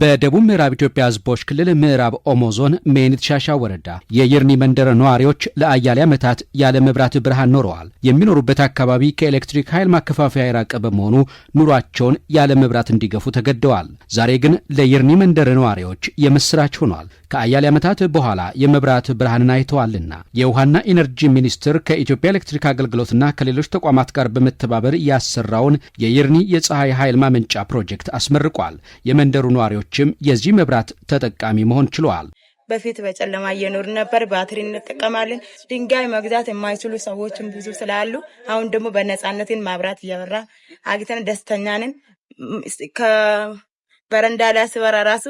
በደቡብ ምዕራብ ኢትዮጵያ ህዝቦች ክልል ምዕራብ ኦሞ ዞን ሜኒት ሻሻ ወረዳ የይርኒ መንደር ነዋሪዎች ለአያሌ ዓመታት ያለ መብራት ብርሃን ኖረዋል። የሚኖሩበት አካባቢ ከኤሌክትሪክ ኃይል ማከፋፈያ የራቀ በመሆኑ ኑሯቸውን ያለ መብራት እንዲገፉ ተገደዋል። ዛሬ ግን ለይርኒ መንደር ነዋሪዎች የምስራች ሆኗል። ከአያሌ ዓመታት በኋላ የመብራት ብርሃንን አይተዋልና የውሃና ኢነርጂ ሚኒስቴር ከኢትዮጵያ ኤሌክትሪክ አገልግሎትና ከሌሎች ተቋማት ጋር በመተባበር ያሰራውን የይርኒ የፀሐይ ኃይል ማመንጫ ፕሮጀክት አስመርቋል። የመንደሩ ነዋሪዎች ነዋሪዎችም የዚህ መብራት ተጠቃሚ መሆን ችለዋል። በፊት በጨለማ እየኖር ነበር። ባትሪ እንጠቀማለን። ድንጋይ መግዛት የማይችሉ ሰዎችም ብዙ ስላሉ አሁን ደግሞ በነፃነትን ማብራት እያበራ አግተን ደስተኛንን። ከበረንዳ ላይ ስበራ ራሱ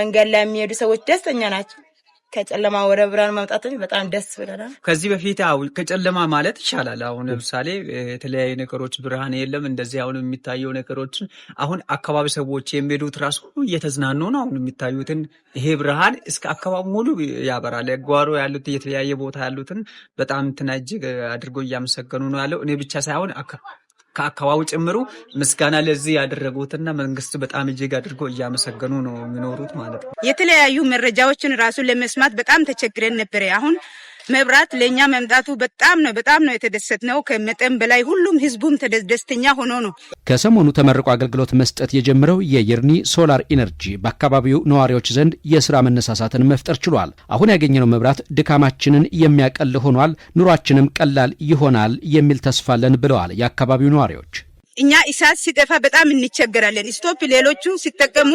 መንገድ ላይ የሚሄዱ ሰዎች ደስተኛ ናቸው። ከጨለማ ወደ ብርሃን መምጣት በጣም ደስ ብለናል። ከዚህ በፊት ከጨለማ ማለት ይቻላል። አሁን ለምሳሌ የተለያዩ ነገሮች ብርሃን የለም እንደዚህ አሁን የሚታየው ነገሮችን አሁን አካባቢ ሰዎች የሚሄዱት ራሱ እየተዝናኑ ነው። አሁን የሚታዩትን ይሄ ብርሃን እስከ አካባቢ ሙሉ ያበራል። ጓሮ ያሉት የተለያየ ቦታ ያሉትን በጣም ትናጅግ አድርጎ እያመሰገኑ ነው ያለው እኔ ብቻ ሳይሆን ከአካባቢ ጭምሩ ምስጋና ለዚህ ያደረጉትና መንግስት በጣም እጅግ አድርጎ እያመሰገኑ ነው የሚኖሩት ማለት ነው። የተለያዩ መረጃዎችን ራሱን ለመስማት በጣም ተቸግረን ነበረ አሁን መብራት ለእኛ መምጣቱ በጣም ነው በጣም ነው የተደሰትነው ከመጠን በላይ ሁሉም ህዝቡም ደስተኛ ሆኖ ነው። ከሰሞኑ ተመርቆ አገልግሎት መስጠት የጀመረው የይርኒ ሶላር ኢነርጂ በአካባቢው ነዋሪዎች ዘንድ የስራ መነሳሳትን መፍጠር ችሏል። አሁን ያገኘነው መብራት ድካማችንን የሚያቀል ሆኗል፣ ኑሯችንም ቀላል ይሆናል የሚል ተስፋለን ብለዋል የአካባቢው ነዋሪዎች። እኛ እሳት ሲጠፋ በጣም እንቸገራለን። ስቶፕ ሌሎቹ ሲጠቀሙ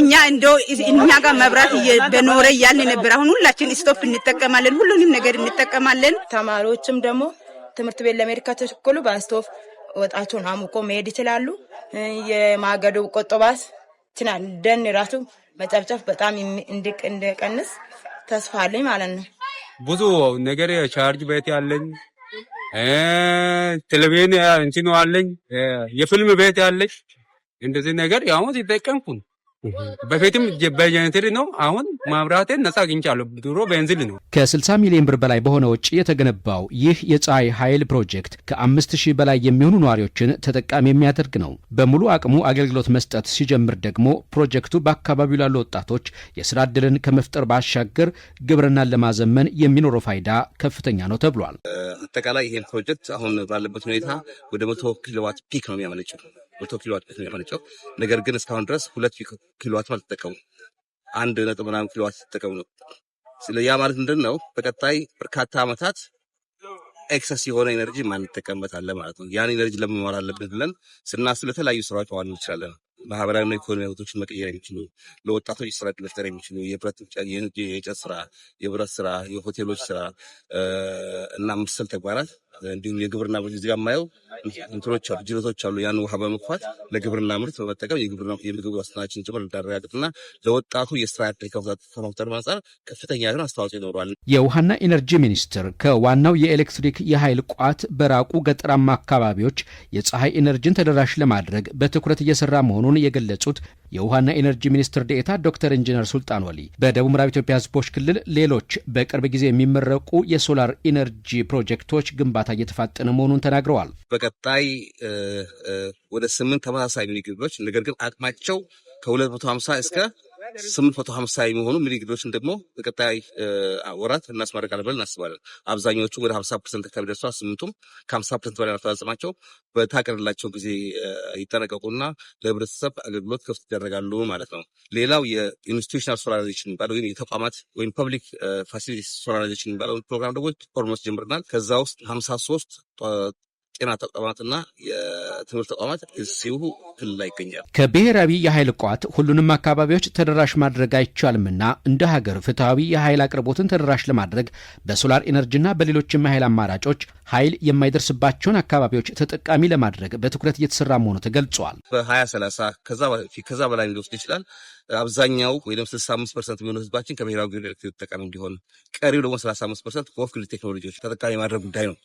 እኛ እንደው እኛ ጋር መብራት በኖረ እያልን ነበር። አሁን ሁላችን ስቶፕ እንጠቀማለን፣ ሁሉንም ነገር እንጠቀማለን። ተማሪዎችም ደግሞ ትምህርት ቤት ለመሄድ ከተቸኮሉ በስቶፍ ወጣቸውን አሙቆ መሄድ ይችላሉ። የማገዶ ቆጠባስ ይችላል። ደን ራሱ መጨፍጨፍ በጣም እንዲቀንስ ተስፋ አለኝ ማለት ነው። ብዙ ነገር ቻርጅ ቤት ያለኝ ቴሌቪዥን እንትን አለኝ፣ የፊልም ቤት ያለኝ እንደዚህ ነገር ያው ሲጠቀምኩ ነው። በፊትም በጀንትል ነው። አሁን ማብራቴን ነጻ አግኝቻለሁ። ድሮ በንዝል ነው። ከ60 ሚሊዮን ብር በላይ በሆነ ወጪ የተገነባው ይህ የፀሐይ ኃይል ፕሮጀክት ከ 5000 በላይ የሚሆኑ ነዋሪዎችን ተጠቃሚ የሚያደርግ ነው። በሙሉ አቅሙ አገልግሎት መስጠት ሲጀምር ደግሞ ፕሮጀክቱ በአካባቢው ላሉ ወጣቶች የስራ ዕድልን ከመፍጠር ባሻገር ግብርናን ለማዘመን የሚኖረው ፋይዳ ከፍተኛ ነው ተብሏል። አጠቃላይ ይህን ፕሮጀክት አሁን ባለበት ሁኔታ ወደ መቶ ኪሎዋት ፒክ ነው የሚያመነጭው መቶ ኪሎዋት ነው ያመነጨው። ነገር ግን እስካሁን ድረስ ሁለት ኪሎዋት አልተጠቀሙ አንድ ነጥብ ምናምን ኪሎዋት ተጠቀሙ ነው። ያ ማለት ምንድን ነው? በቀጣይ በርካታ ዓመታት ኤክሰስ የሆነ ኤነርጂ ማንጠቀምበታለን ማለት ነው። ያን ኤነርጂ ለመማር አለብን ብለን ስናስብ ለተለያዩ ስራዎች ዋን እንችላለን። ማህበራዊና ኢኮኖሚ ውቶችን መቀየር የሚችሉ ለወጣቶች ስራ መፍጠር የሚችሉ የብረት የእንጨት ስራ፣ የብረት ስራ፣ የሆቴሎች ስራ እና ምስል ተግባራት እንዲሁም የግብርና እዚህ ጋር የማየው እንትኖች አሉ፣ ጅረቶች አሉ። ያን ውሃ በመግፋት ለግብርና ምርት በመጠቀም የምግብ ዋስትናችን ጭምር እንዳረጋግጥ እንዳረጋግጥና ለወጣቱ የስራ ዕድል ከመፍጠር አንጻር ከፍተኛ የሆነ አስተዋጽኦ ይኖረዋል። የውሃና ኢነርጂ ሚኒስቴር ከዋናው የኤሌክትሪክ የኃይል ቋት በራቁ ገጠራማ አካባቢዎች የፀሐይ ኢነርጂን ተደራሽ ለማድረግ በትኩረት እየሰራ መሆኑን የገለጹት የውሃና ኤነርጂ ሚኒስትር ዴኤታ ዶክተር ኢንጂነር ሱልጣን ወሊ በደቡብ ምዕራብ ኢትዮጵያ ህዝቦች ክልል ሌሎች በቅርብ ጊዜ የሚመረቁ የሶላር ኢነርጂ ፕሮጀክቶች ግንባታ እየተፋጠነ መሆኑን ተናግረዋል። በቀጣይ ወደ ስምንት ተመሳሳይ ሚኒግሮች ነገር ግን አቅማቸው ከ250 እስከ ስምንት መቶ ሀምሳ የሚሆኑ ሚኒ ደግሞ በቀጣይ ወራት እናስመርቃለን ብለን እናስባለን። አብዛኛዎቹ ወደ ሀምሳ ፐርሰንት አካባቢ ደርሰዋል። ስምንቱም ከሀምሳ ፐርሰንት በላይ አፈጻጸማቸው በታቀደላቸው ጊዜ ይጠናቀቁና ለህብረተሰብ አገልግሎት ክፍት ይደረጋሉ ማለት ነው። ሌላው የኢንስቲቱሽናል ሶላራይዜሽን የሚባለው ወይም የተቋማት ወይም ፐብሊክ ፋሲሊቲ ሶላራይዜሽን የሚባለው ፕሮግራም ደግሞ ኦልሞስት ጀምረናል። ከዛ ውስጥ ሀምሳ ሶስት ጤና ተቋማትና የትምህርት ተቋማት እዚሁ ክልል ላይ ይገኛል። ከብሔራዊ የኃይል ቋት ሁሉንም አካባቢዎች ተደራሽ ማድረግ አይቻልምና እንደ ሀገር ፍትሐዊ የኃይል አቅርቦትን ተደራሽ ለማድረግ በሶላር ኤነርጂና በሌሎችም የኃይል አማራጮች ኃይል የማይደርስባቸውን አካባቢዎች ተጠቃሚ ለማድረግ በትኩረት እየተሰራ መሆኑ ተገልጿል። በሀያ ሰላሳ ከዛ በላይ ሊወስድ ይችላል። አብዛኛው ወይም 65 ፐርሰንት የሚሆነ ህዝባችን ከብሔራዊ ግሪድ ኤሌክትሪክ ተጠቃሚ እንዲሆን፣ ቀሪው ደግሞ 35 ፐርሰንት ከኦፍ ግሪድ ቴክኖሎጂዎች ተጠቃሚ ማድረግ ጉዳይ ነው።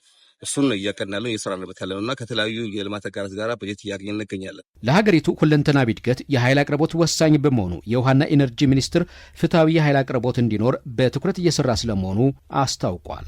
እሱን ነው እያቀን ያለው የስራ በት ያለ እና ከተለያዩ የልማት አጋራት ጋር በጀት እያገኘን እንገኛለን። ለሀገሪቱ ሁለንተናዊ እድገት የኃይል አቅርቦት ወሳኝ በመሆኑ የውሃና ኢነርጂ ሚኒስትር ፍትሐዊ የኃይል አቅርቦት እንዲኖር በትኩረት እየሰራ ስለመሆኑ አስታውቋል።